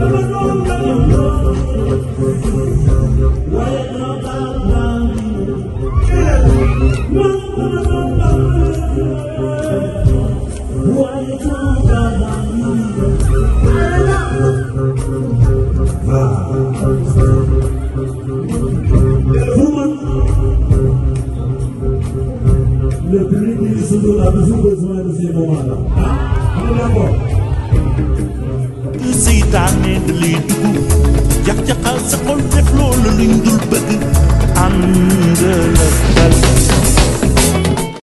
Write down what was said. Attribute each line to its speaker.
Speaker 1: Le
Speaker 2: public, il se donne à besoin
Speaker 3: de ces moments-là.
Speaker 4: On
Speaker 3: est d'accord
Speaker 5: seytaane da lay dugg jax jaxal sa xol def loolu luñ dul bëgg ànd